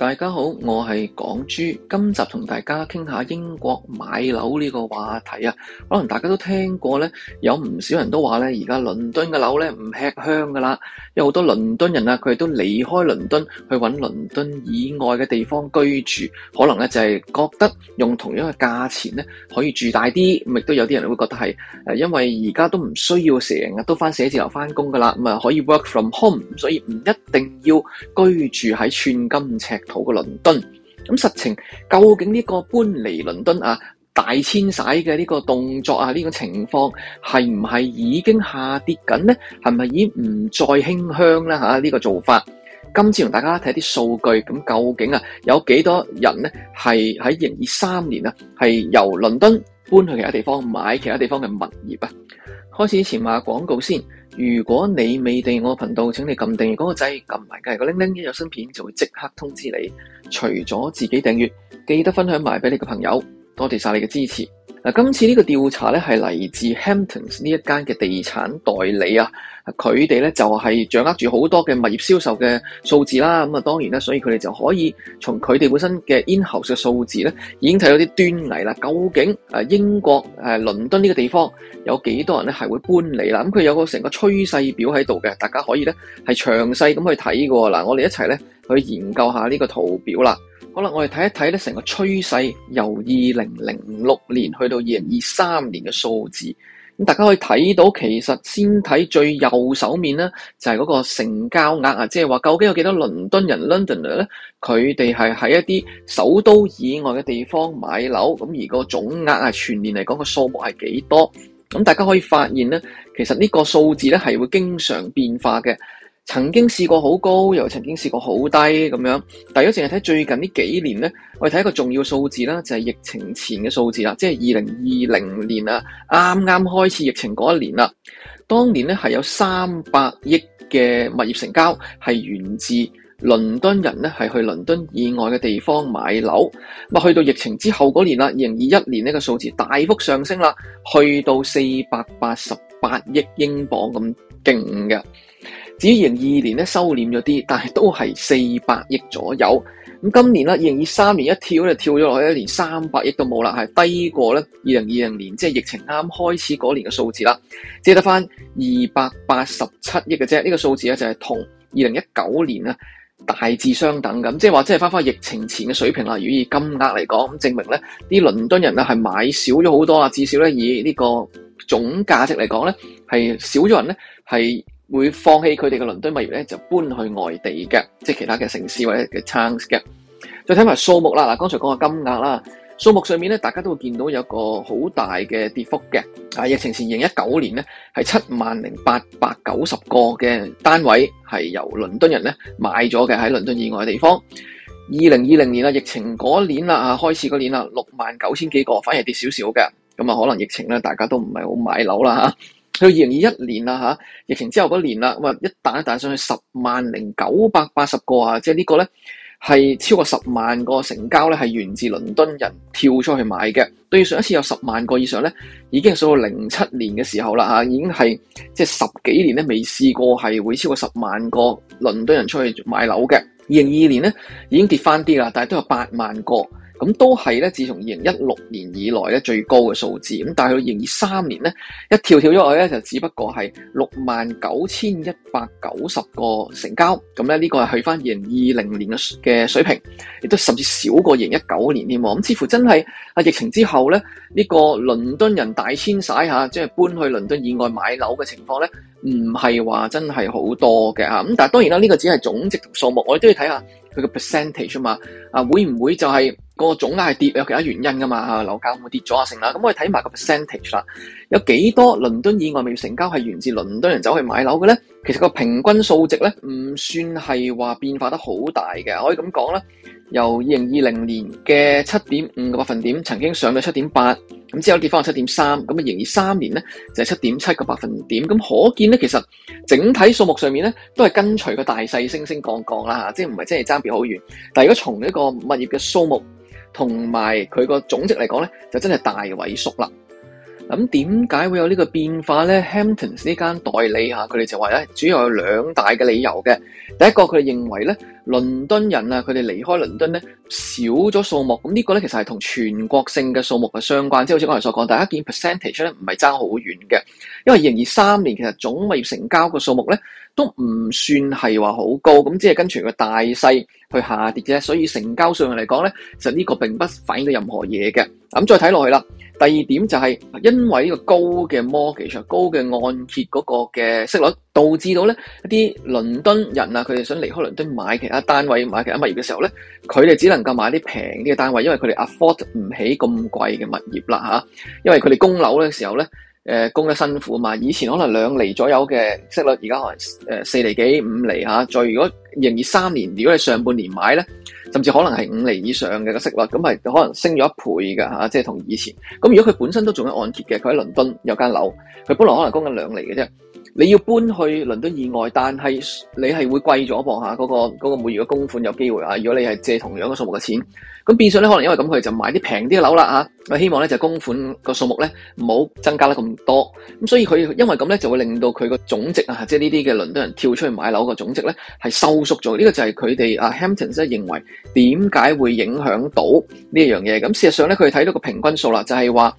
大家好，我係港豬。今集同大家傾下英國買樓呢個話題啊，可能大家都聽過呢，有唔少人都話呢，而家倫敦嘅樓呢唔吃香噶啦，有好多倫敦人啊，佢哋都離開倫敦去搵倫敦以外嘅地方居住，可能呢，就係覺得用同樣嘅價錢呢可以住大啲，亦都有啲人會覺得係誒，因為而家都唔需要成日都返寫字樓返工噶啦，咁啊可以 work from home，所以唔一定要居住喺寸金尺過倫敦，咁實情究竟呢個搬離倫敦啊大遷徙嘅呢個動作啊呢、這個情況係唔係已經下跌緊呢？係咪已唔再吃香呢？吓、這、呢個做法，今次同大家睇啲數據，咁究竟啊有幾多人呢？係喺營業三年啊係由倫敦搬去其他地方買其他地方嘅物業啊？開始之前話廣告先。如果你未訂我頻道，請你撳訂閱嗰個掣，撳埋隔離個鈴鈴，一有新片就會即刻通知你。除咗自己訂閱，記得分享埋俾你嘅朋友。多謝晒你嘅支持。嗱，今次呢個調查咧係嚟自 Hamptons 呢一間嘅地產代理啊，佢哋咧就係掌握住好多嘅物業銷售嘅數字啦。咁啊，當然啦，所以佢哋就可以從佢哋本身嘅 In-house 嘅數字咧，已經睇到啲端倪啦。究竟誒英國誒倫敦呢個地方有幾多人咧係會搬嚟啦？咁佢有個成個趨勢表喺度嘅，大家可以咧係詳細咁去睇嘅。嗱，我哋一齊咧去研究下呢個圖表啦。好啦，我哋睇一睇咧成個趨勢，由二零零六年去到二零二三年嘅數字。咁大家可以睇到，其實先睇最右手面咧，就係嗰個成交額啊，即係話究竟有幾多倫敦人 （Londoner） 咧，佢哋係喺一啲首都以外嘅地方買樓。咁而個總額啊，全年嚟講個數目係幾多？咁大家可以發現咧，其實呢個數字咧係會經常變化嘅。曾經試過好高，又曾經試過好低咁樣。大家淨係睇最近呢幾年呢，我哋睇一個重要數字啦，就係疫情前嘅數字啦，即係二零二零年啊，啱啱開始疫情嗰一年啦。當年呢，係有三百億嘅物業成交係源自倫敦人呢，係去倫敦以外嘅地方買樓。咁去到疫情之後嗰年啦，二零二一年呢個數字大幅上升啦，去到四百八十八億英鎊咁勁嘅。至於二零二二年咧收斂咗啲，但係都係四百億左右。咁今年啦，二零二三年一跳咧，跳咗落去，連三百億都冇啦，係低過咧二零二零年，即係疫情啱開始嗰年嘅數字啦。借得翻二百八十七億嘅啫，呢個數字咧就係同二零一九年啊大致相等咁，即係話即係翻翻疫情前嘅水平啦。如果以金額嚟講，證明咧啲倫敦人啊係買少咗好多啊，至少咧以呢個總價值嚟講咧係少咗人咧係。係會放棄佢哋嘅倫敦物業咧，就搬去外地嘅，即係其他嘅城市或者嘅 town 嘅。再睇埋數目啦，嗱，剛才講個金額啦，數目上面咧，大家都會見到有個好大嘅跌幅嘅。啊，疫情前二零一九年咧係七萬零八百九十個嘅單位係由倫敦人咧買咗嘅喺倫敦以外嘅地方。二零二零年啦，疫情嗰年啦，啊開始嗰年啦，六萬九千幾個，反而跌少少嘅。咁啊，可能疫情咧，大家都唔係好買樓啦吓。去二零二一年啦吓，疫情之後嗰年啦，咁啊一彈一彈上去十萬零九百八十個啊，即係呢個咧係超過十萬個成交咧係源自倫敦人跳出去買嘅。對上一次有十萬個以上咧，已經係數到零七年嘅時候啦吓，已經係即係十幾年咧未試過係會超過十萬個倫敦人出去買樓嘅。二零二二年咧已經跌翻啲啦，但係都有八萬個。咁都係咧，自從二零一六年以來咧最高嘅數字。咁，但係佢二零二三年咧一跳跳咗落去咧，就只不過係六萬九千一百九十個成交咁咧，呢個係去翻二零二零年嘅嘅水平，亦都甚至少過二零一九年添。咁似乎真係啊疫情之後咧，呢個倫敦人大遷徙下，即係搬去倫敦以外買樓嘅情況咧，唔係話真係好多嘅嚇。咁但係當然啦，呢個只係總值同數目，我哋都要睇下佢嘅 percentage 啊嘛。啊會唔會就係、是？個總額係跌，有其他原因噶嘛？樓價會唔會跌咗啊，成啦。咁我哋睇埋個 percentage 啦，有幾多倫敦以外未成交係源自倫敦人走去買樓嘅咧？其實個平均數值咧，唔算係話變化得好大嘅，可以咁講啦。由二零二零年嘅七點五個百分點，曾經上到七點八，咁之後跌翻去七點三，咁啊，二零二三年咧就係七點七個百分點。咁可見咧，其實整體數目上面咧都係跟隨個大細升升降降啦，嚇，即係唔係真係爭別好遠。但係如果從呢個物業嘅數目，同埋佢個總值嚟講咧，就真係大萎縮啦。咁點解會有呢個變化咧？Hamptons 呢間 Ham 代理嚇，佢哋就話咧，主要有兩大嘅理由嘅。第一個佢哋認為咧，倫敦人啊，佢哋離開倫敦咧。少咗數目，咁呢個咧其實係同全國性嘅數目係相關，即係好似我哋所講，大家見 percentage 咧唔係爭好遠嘅，因為二零二三年其實總物業成交嘅數目咧都唔算係話好高，咁即係跟隨個大勢去下跌啫，所以成交上嚟講咧，就呢個並不反映到任何嘢嘅。咁再睇落去啦，第二點就係因為呢個高嘅 mortgage、高嘅按揭嗰個嘅息率，導致到咧一啲倫敦人啊，佢哋想離開倫敦買其他單位、買其他物業嘅時候咧，佢哋只能能夠買啲平啲嘅單位，因為佢哋 afford 唔起咁貴嘅物業啦吓、啊。因為佢哋供樓嘅時候咧，誒、呃、供得辛苦啊嘛。以前可能兩厘左右嘅息率，而家可能誒四厘幾五厘吓、啊。再如果二三年，如果你上半年買咧，甚至可能係五厘以上嘅個息率，咁係可能升咗一倍噶吓、啊，即係同以前咁。如果佢本身都仲有按揭嘅，佢喺倫敦有間樓，佢本來可能供緊兩厘嘅啫。你要搬去倫敦以外，但係你係會貴咗噃下，嗰個嗰個每月嘅供款有機會啊！如果你係借同樣嘅數目嘅錢，咁變相咧可能因為咁，佢就買啲平啲嘅樓啦我、啊啊、希望咧就供款個數目咧唔好增加得咁多，咁所以佢因為咁咧就會令到佢個總值啊，即係呢啲嘅倫敦人跳出去買樓個總值咧係收縮咗。呢、這個就係佢哋啊 Hamptons 咧認為點解會影響到呢一樣嘢。咁事實上咧，佢睇到個平均數啦，就係話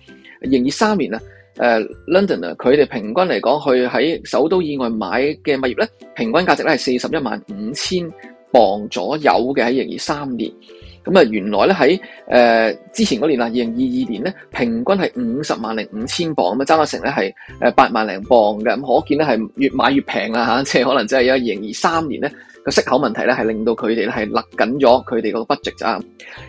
營業三年啊。誒、uh, London 啊，佢哋平均嚟講，去喺首都以外買嘅物業咧，平均價值咧係四十一萬五千磅左右嘅喺二零二三年。咁啊，原來咧喺誒之前嗰年啊，二零二二年咧，平均係五十萬零五千鎊。咁啊，爭咗成咧係誒八萬零鎊嘅。咁可見咧係越買越平啦嚇，即係可能只係二零二三年咧個息口問題咧係令到佢哋係勒緊咗佢哋個 budget 咋。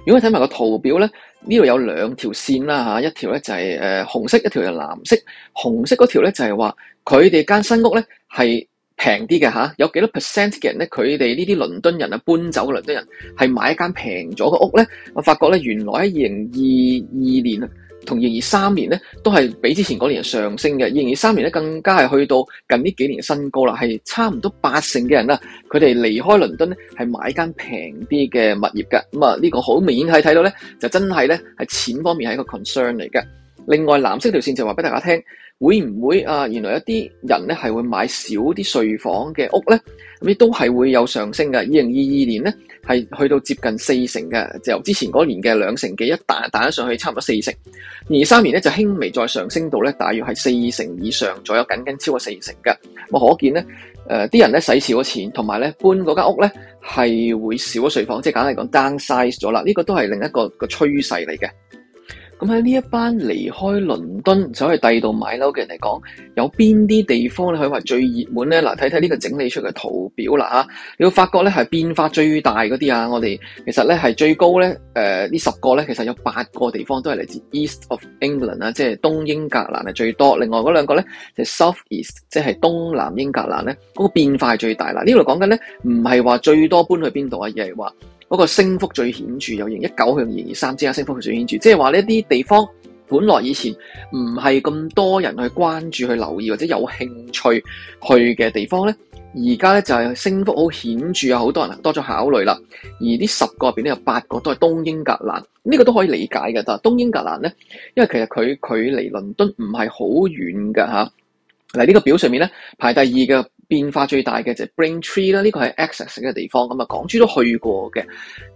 如果你睇埋個圖表咧，呢度有兩條線啦嚇，一條咧就係誒紅色，一條就藍色。紅色嗰條咧就係話佢哋間新屋咧係。平啲嘅吓，有幾多 percent 嘅人咧？佢哋呢啲倫敦人啊，搬走嘅倫敦人係買一間平咗嘅屋咧，我發覺咧原來喺2022年啊同2023年咧都係比之前嗰年上升嘅，2023年咧更加係去到近呢幾年嘅新高啦，係差唔多八成嘅人啦，佢哋離開倫敦咧係買一間平啲嘅物業嘅，咁啊呢個好明顯係睇到咧，就真係咧係錢方面係一個 concern 嚟嘅。另外藍色條線就話俾大家聽。會唔會啊？原來一啲人咧係會買少啲睡房嘅屋咧，咁亦都係會有上升嘅。二零二二年咧係去到接近四成嘅，由之前嗰年嘅兩成幾一彈彈咗上去，差唔多四成。二三年咧就輕微再上升到咧大約係四成以上左右，僅僅超過四成嘅。咁可見咧，誒、呃、啲人咧使少咗錢，同埋咧搬嗰間屋咧係會少咗睡房，即係簡單嚟講 down size 咗啦。呢、這個都係另一個一個趨勢嚟嘅。咁喺呢一班離開倫敦走去第二度買樓嘅人嚟講，有邊啲地方咧可以話最熱門咧？嗱，睇睇呢個整理出嘅圖表啦嚇，你會發覺咧係變化最大嗰啲啊。我哋其實咧係最高咧，誒、呃、呢十個咧其實有八個地方都係嚟自 East of England 啊，即係東英格蘭係最多。另外嗰兩個咧就係、South East，即係東南英格蘭咧嗰、嗰個變化係最大。嗱，呢度講緊咧唔係話最多搬去邊度啊，而係話。嗰個升幅最顯著，有型一九向二三之間，升幅最顯著，即係話呢啲地方，本來以前唔係咁多人去關注、去留意或者有興趣去嘅地方咧，而家咧就係升幅好顯著，有好多人多咗考慮啦。而呢十個入邊咧，有八個都係東英格蘭，呢、呢個都可以理解嘅。但係東英格蘭咧，因為其實佢距離倫敦唔係好遠㗎。嚇、啊。嗱、呢、呢個表上面咧，排第二嘅。變化最大嘅就係 Braintree 啦，呢個係 Essex 嘅地方，咁啊港豬都去過嘅，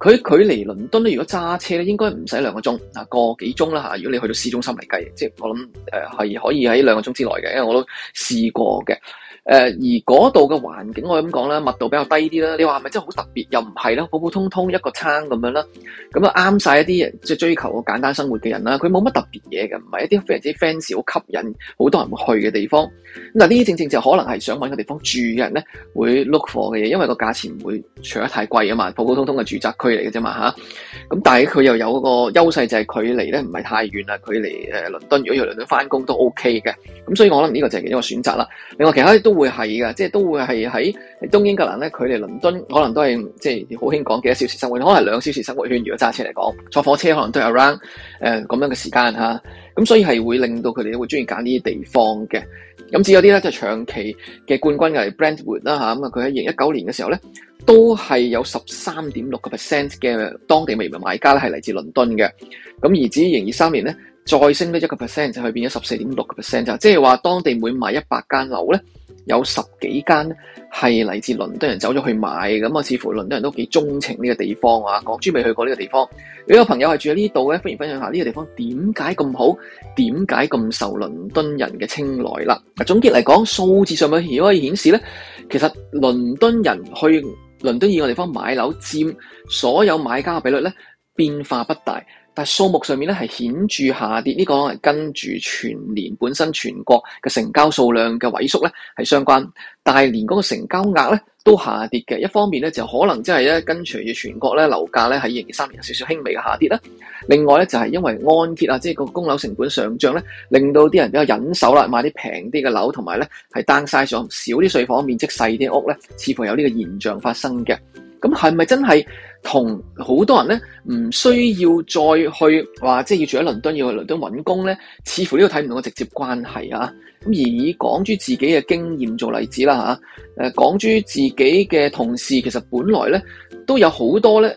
佢距離倫敦咧，如果揸車咧，應該唔使兩個鐘啊，個幾鐘啦嚇，如果你去到市中心嚟計，即係我諗誒係可以喺兩個鐘之內嘅，因為我都試過嘅。誒、呃、而嗰度嘅環境，我咁講啦，密度比較低啲啦。你話係咪真係好特別？又唔係啦，普普通通一個餐咁樣啦。咁啊啱晒一啲即係追求個簡單生活嘅人啦。佢冇乜特別嘢嘅，唔係一啲非常之 fans 好吸引好多人去嘅地方。咁嗱，呢啲正正就可能係想揾個地方住嘅人咧，會 look 貨嘅嘢，因為個價錢唔會除得太貴啊嘛，普普通通嘅住宅區嚟嘅啫嘛嚇。咁、啊、但係佢又有個優勢就係距離咧唔係太遠啊。距離誒倫敦，如果要倫敦翻工都 OK 嘅。咁所以我諗呢個就係一個選擇啦。另外其他都。會係嘅，即係都會係喺東英格蘭咧，佢離倫敦可能都係即係好興講幾多小時生活圈，可能係兩小時生活圈，如果揸車嚟講，坐火車可能都要 around 誒、呃、咁樣嘅時間吓，咁、啊、所以係會令到佢哋咧會中意揀呢啲地方嘅。咁至於有啲咧就是、長期嘅冠軍嘅 Brentwood 啦、啊、吓，咁啊佢喺二零一九年嘅時候咧，都係有十三點六個 percent 嘅當地移民買家咧係嚟自倫敦嘅，咁而至二零二三年咧。再升呢一個 percent 就去變咗十四點六個 percent，就即係話當地每買一百間樓咧，有十幾間係嚟自倫敦人走咗去買，咁啊似乎倫敦人都幾鍾情呢個地方啊。港豬未去過呢個地方，個地方如果有個朋友係住喺呢度咧，歡迎分享下呢個地方點解咁好，點解咁受倫敦人嘅青睞啦？總結嚟講，數字上面如果可以顯示咧，其實倫敦人去倫敦以外地方買樓佔所有買家嘅比率咧，變化不大。但係數目上面咧係顯著下跌，呢、這個係跟住全年本身全國嘅成交數量嘅萎縮咧係相關，但係連嗰個成交額咧都下跌嘅。一方面咧就可能即係咧跟隨住全國咧樓價咧二零二三年有少少輕微嘅下跌啦。另外咧就係、是、因為安揭啊，即係個供樓成本上漲咧，令到啲人比較忍手啦，買啲平啲嘅樓，同埋咧係單晒上少啲稅房、面積細啲屋咧，似乎有呢個現象發生嘅。咁係咪真係？同好多人咧，唔需要再去話，即係要住喺倫敦，要去倫敦揾工咧，似乎呢個睇唔到個直接關係啊！咁而以港豬自己嘅經驗做例子啦嚇，誒港豬自己嘅同事其實本來咧都有好多咧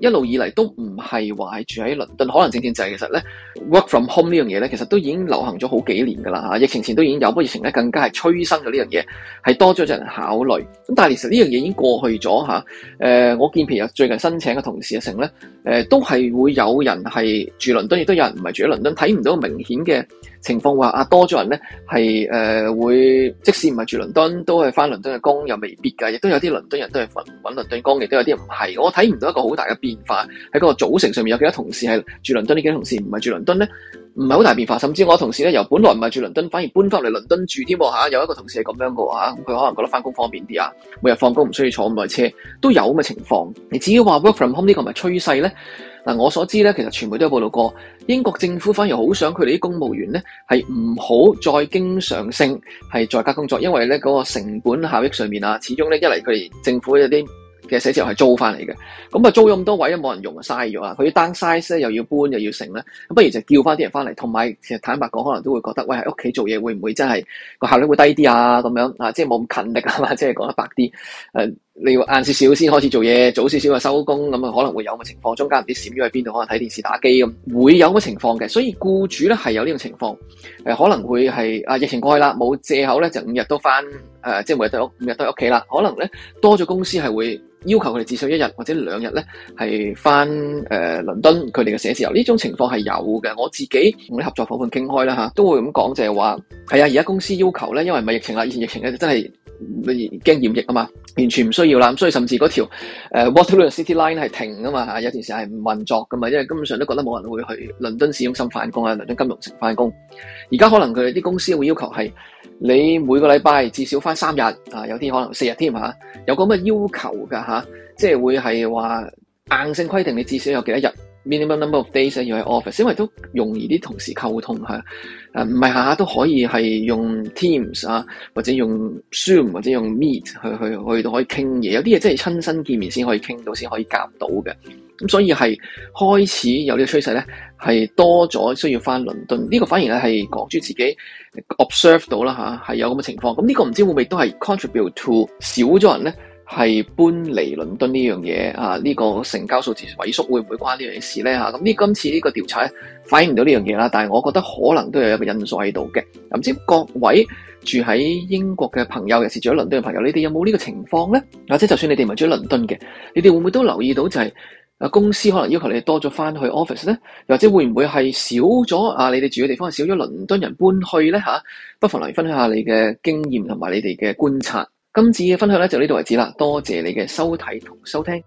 一路以嚟都唔係話係住喺倫敦，可能正正就係其實咧 work from home 呢樣嘢咧，其實都已經流行咗好幾年噶啦嚇，疫情前都已經有，不過疫情咧更加係催生咗呢樣嘢，係多咗人考慮。咁但係其實呢樣嘢已經過去咗嚇，我見譬如最近申請嘅同事成咧都係會有人係住倫敦，亦都有人唔係住喺倫敦，睇唔到明顯嘅。情況話啊，多咗人咧，係誒、呃、會，即使唔係住倫敦，都係翻倫敦嘅工，又未必㗎。亦都有啲倫敦人都係揾揾倫敦工，亦都有啲唔係。我睇唔到一個好大嘅變化喺個組成上面。有幾多同事係住倫敦？呢幾多同事唔係住倫敦咧，唔係好大變化。甚至我同事咧，由本來唔係住倫敦，反而搬翻嚟倫敦住添嚇、啊。有一個同事係咁樣嘅話，佢、啊、可能覺得翻工方便啲啊，每日放工唔需要坐咁耐車，都有咁嘅情況。你至於話 work from home 呢個咪係趨勢咧？嗱，我所知咧，其實全部都有報道過，英國政府反而好想佢哋啲公務員咧係唔好再經常性係在家工作，因為咧嗰個成本效益上面啊，始終咧一嚟佢哋政府有啲嘅寫字樓係租翻嚟嘅，咁啊租咗咁多位都冇人用啊，嘥咗啊，佢要 downsize 咧又要搬又要成咧，咁不如就叫翻啲人翻嚟，同埋其實坦白講，可能都會覺得喂，喺屋企做嘢會唔會真係個效率會低啲啊咁樣啊，即係冇咁勤力啊嘛，即係講得白啲誒你要晏少少先開始做嘢，早少少就收工，咁啊可能會有個情況，中間唔知閃咗喺邊度，可能睇電視打機咁，會有個情況嘅。所以僱主咧係有呢種情況，呃、可能會係啊疫情過去啦，冇藉口咧就五日都返誒、呃，即係每日都五日都喺屋企啦。可能咧多咗公司係會要求佢哋至少一日或者兩日咧係返誒倫敦佢哋嘅寫字樓。呢種情況係有嘅。我自己同啲合作夥伴傾開啦都會咁講就係話係啊，而、哎、家公司要求咧，因為唔係疫情啦，以前疫情咧真係。驚染疫啊嘛，完全唔需要啦。咁所以甚至嗰條誒、呃、Waterloo City Line 係停啊嘛，吓，有段時間係唔運作噶嘛，因為根本上都覺得冇人會去倫敦市中心翻工啊，倫敦金融城翻工。而家可能佢啲公司會要求係你每個禮拜至少翻三日啊，有啲可能四日添吓，有個咩要求噶吓、啊，即係會係話硬性規定你至少有幾多日。minimum number of days 要喺 office，因為都容易啲同事溝通吓，誒，唔係下下都可以係用 Teams 啊，或者用 Zoom 或者用 Meet 去去去都可以傾嘢，有啲嘢真係親身見面先可以傾到，先可以夾到嘅。咁、啊、所以係開始有呢個趨勢咧，係多咗需要翻倫敦，呢、這個反而咧係講住自己 observe 到啦吓，係、啊、有咁嘅情況，咁、啊、呢、這個唔知會唔會都係 contribute to 少咗人咧？係搬嚟倫敦呢樣嘢啊？呢、呢個成交數字萎縮會唔會關呢樣嘢事呢吓，咁呢？今次呢個調查反映唔到呢樣嘢啦，但係我覺得可能都有一個因素喺度嘅。唔知各位住喺英國嘅朋友，尤其是住喺倫敦嘅朋友，你哋有冇呢個情況呢？或者就算你哋唔住喺倫敦嘅，你哋會唔會都留意到就係、是、啊公司可能要求你哋多咗翻去 office 呢？又或者會唔會係少咗啊？你哋住嘅地方少咗倫敦人搬去呢？吓、啊，不妨嚟分享下你嘅經驗同埋你哋嘅觀察。今次嘅分享咧就呢度為止啦，多謝你嘅收睇同收聽。